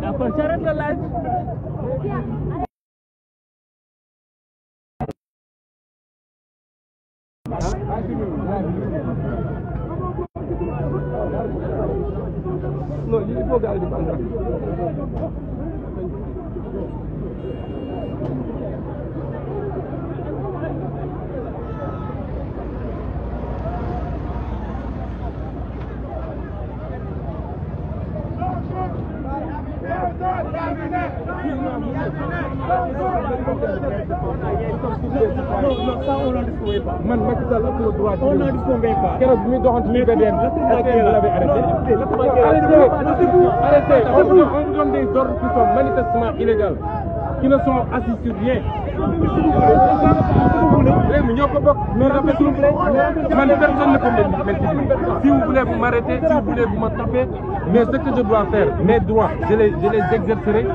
D'accord, j'arrête le live. Non, il faut garder le man Macky Sall ëpp na droit keroog bi muy doxantu ci VDN est-ce que vous l'avez arrêté arrêté on donne des ordres qui sont manifestement illégaux qui ne sont assis sur rien réew mi ñoo ko bokk mais rafetul man personne ne ko mel voulez vous m'arrêter, si vous voulez vous me taper, mais ce que je dois faire, mes droits, je les, je les exercerai.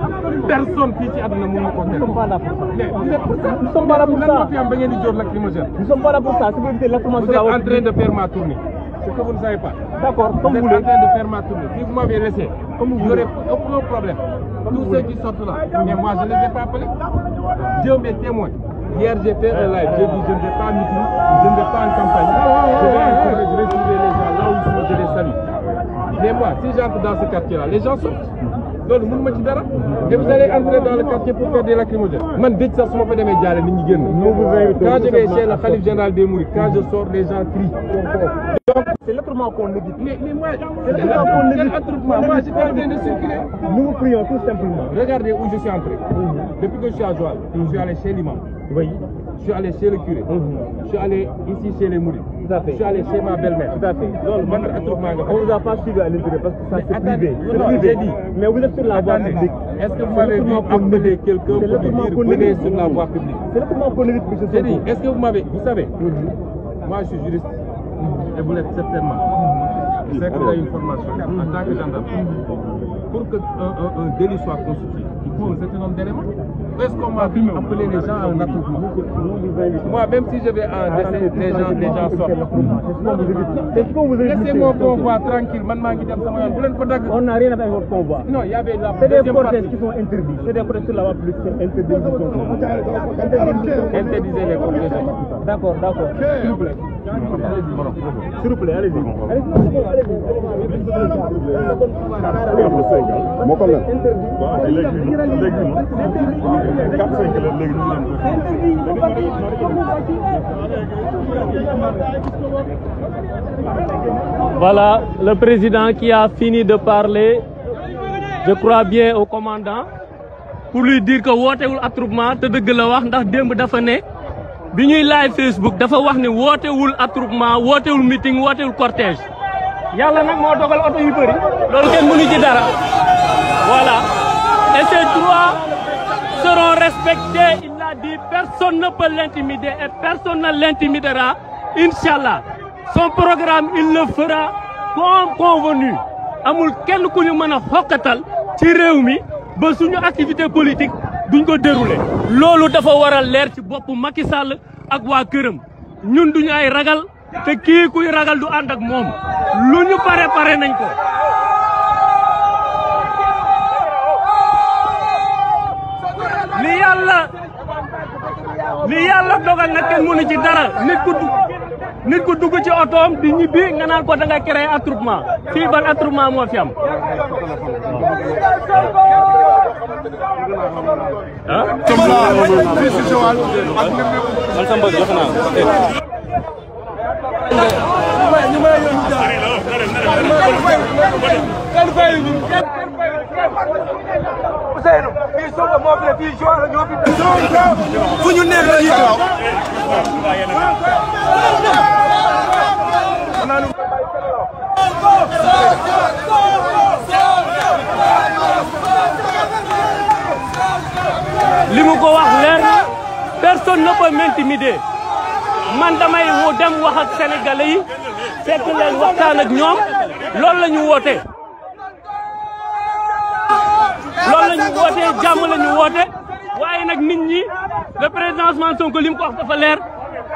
Personne fii ci àdduna mën na ko def. Nous sommes pas là pour ça. Mais vous êtes pour ça. Nous sommes pas là pour ça. Lan moo fi am ba ngeen di jox lacrymogène. Nous sommes pas là pour ça. Si vous évitez lacrymogène. Vous êtes en train de faire ma tournée. C'est que vous ne savez pas. D'accord, comme vous voulez. Vous êtes en train de faire ma tournée. Si vous m'avez laissé, comme vous voulez, il n'y aurait aucun problème. Tous ceux qui sortent là, mais moi je ne les ai pas appelés. Dieu m'est témoin. Hier j'ai fait un live, j'ai dit je ne vais pas en meeting, je ne vais pas en campagne. Je vais en forêt, je vais trouver les gens. je les salue. les gens ci dara. et vous allez entrer dans le quartier pour faire des lacrymogènes. man dëj sax su ma fa demee jaale nit ñi génn. je vais le khalife général des Mourides quand je sors les gens de circuler. nous vous prions tout simplement. regardez où je suis entré. Mhm. depuis que je suis à Joal. je suis allé je suis allé chez mhm. je suis allé ici chez les tout à fait. je suis allé chez ma belle nga. on vous a pas suivi à l'intérieur parce que ça c'est privé. c'est privé mais vous la voie publique. est-ce que vous m'avez vu appeler quelqu'un pour la voie publique. c'est l'attroupement politique monsieur Sonko. j'ai dit est-ce que vous m'avez vous savez. Mm-hmm. moi je suis juriste. Mm-hmm. et vous l'êtes certainement. Mm-hmm. c'est que j'ai une formation. en tant que pour a un, un délit soit constitué, il faut un certain nombre d'éléments. Est-ce qu'on m'a appelé les gens à un attroupement Moi, même si je vais en décès, les gens, les gens sortent. Laissez mon convoi tranquille. On n'a rien à faire avec votre convoi. Non, il y avait la C'est des cortèges qui sont interdits. C'est des cortèges sur la voie publique qui sont interdits. Interdisez les cortèges. D'accord, d'accord. S'il vous plaît. S'il vous plaît, allez-y. Allez-y. Allez-y. Sénégal la le président qui a fini de parler je bien au commandant pour lui dire que wootewul attroupement te dëgg la wax ndax démb dafa ne bi ñuy live Facebook dafa wax ne wootewul attroupement wootewul meeting wootewul cortège yàlla nag moo dogal oto yu bëri loolu kenn mënu ci dara voilà et ces droits seront respectés il a dit personne ne peut l'intimider et personne ne l'intimidera inchallah son programme amul kenn ku ñu mën a xokkatal ci réew mi ba suñu activité politique duñ ko déroulé loolu dafa war a leer ci boppu Macky Sall ak waa këram ñun duñu ay ragal te kii kuy ragal du ànd ak moom lu ñu pare pare nañ ko li yàlla li yàlla dogal nag kenn ci dara nit ku nit ku dugg ci otoom di ñibbi nga naan ko da nga créé attroupement fii ban attroupement moo fi am man sama jox naa fu li mu ko wax leer na personne ne peut m'intimider man damay dem wax ak sénégalais yi fekk leen ñoom loolu la ñu woote. lool lañu ñu woote jàmm la ñu woote waaye nag nit ñi le président Ousmane Sonko li mu ko wax dafa leer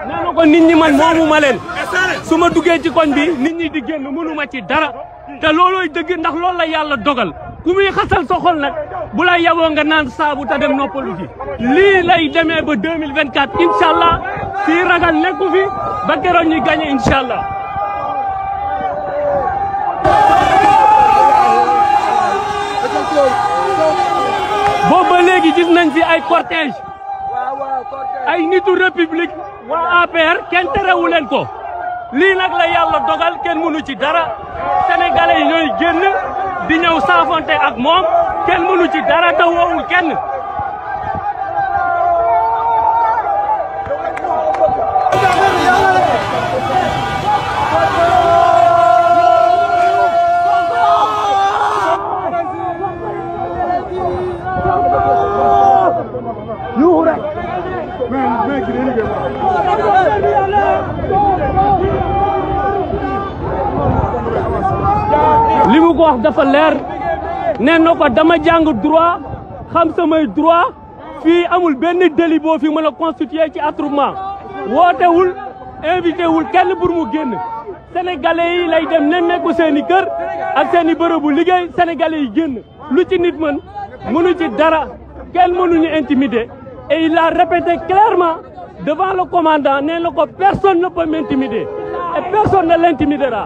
nee na ko nit ñi man moomu ma leen su ma duggee ci koñ bi nit ñi di génn mënu ma ci dara te loolooy dëgg ndax loolu la yàlla dogal ku muy xasal sa nag bu la yaboo nga naan saabu ta dem noppalu ji lii lay demee ba 2024 incha allah fii ragal nekku fi ba keroog ñuy gagné incha allah. boobu ba léegi gis nañ fi ay cortège ay nitu république waa APR kenn terewu ko lii nag la yàlla dogal kenn mënu ci dara sénégalais yi ñooy génn di ñëw saafonte ak moom kenn mënu ci dara te woowul kenn. ko dafa leer nee na ko dama jàng droit xam samay droit fii amul benn délit boo fi mën a constituer ci attroupement wootewul invité wul kenn pour mu génn sénégalais yi lay dem nemmeeku seen i kër ak seen i bërëbu liggéey sénégalais yi génn lu ci nit mën dara kenn mënuñu intimider et il a répété clairement devant le commandant nee na ko personne ne peut m'intimider et personne ne l'intimidera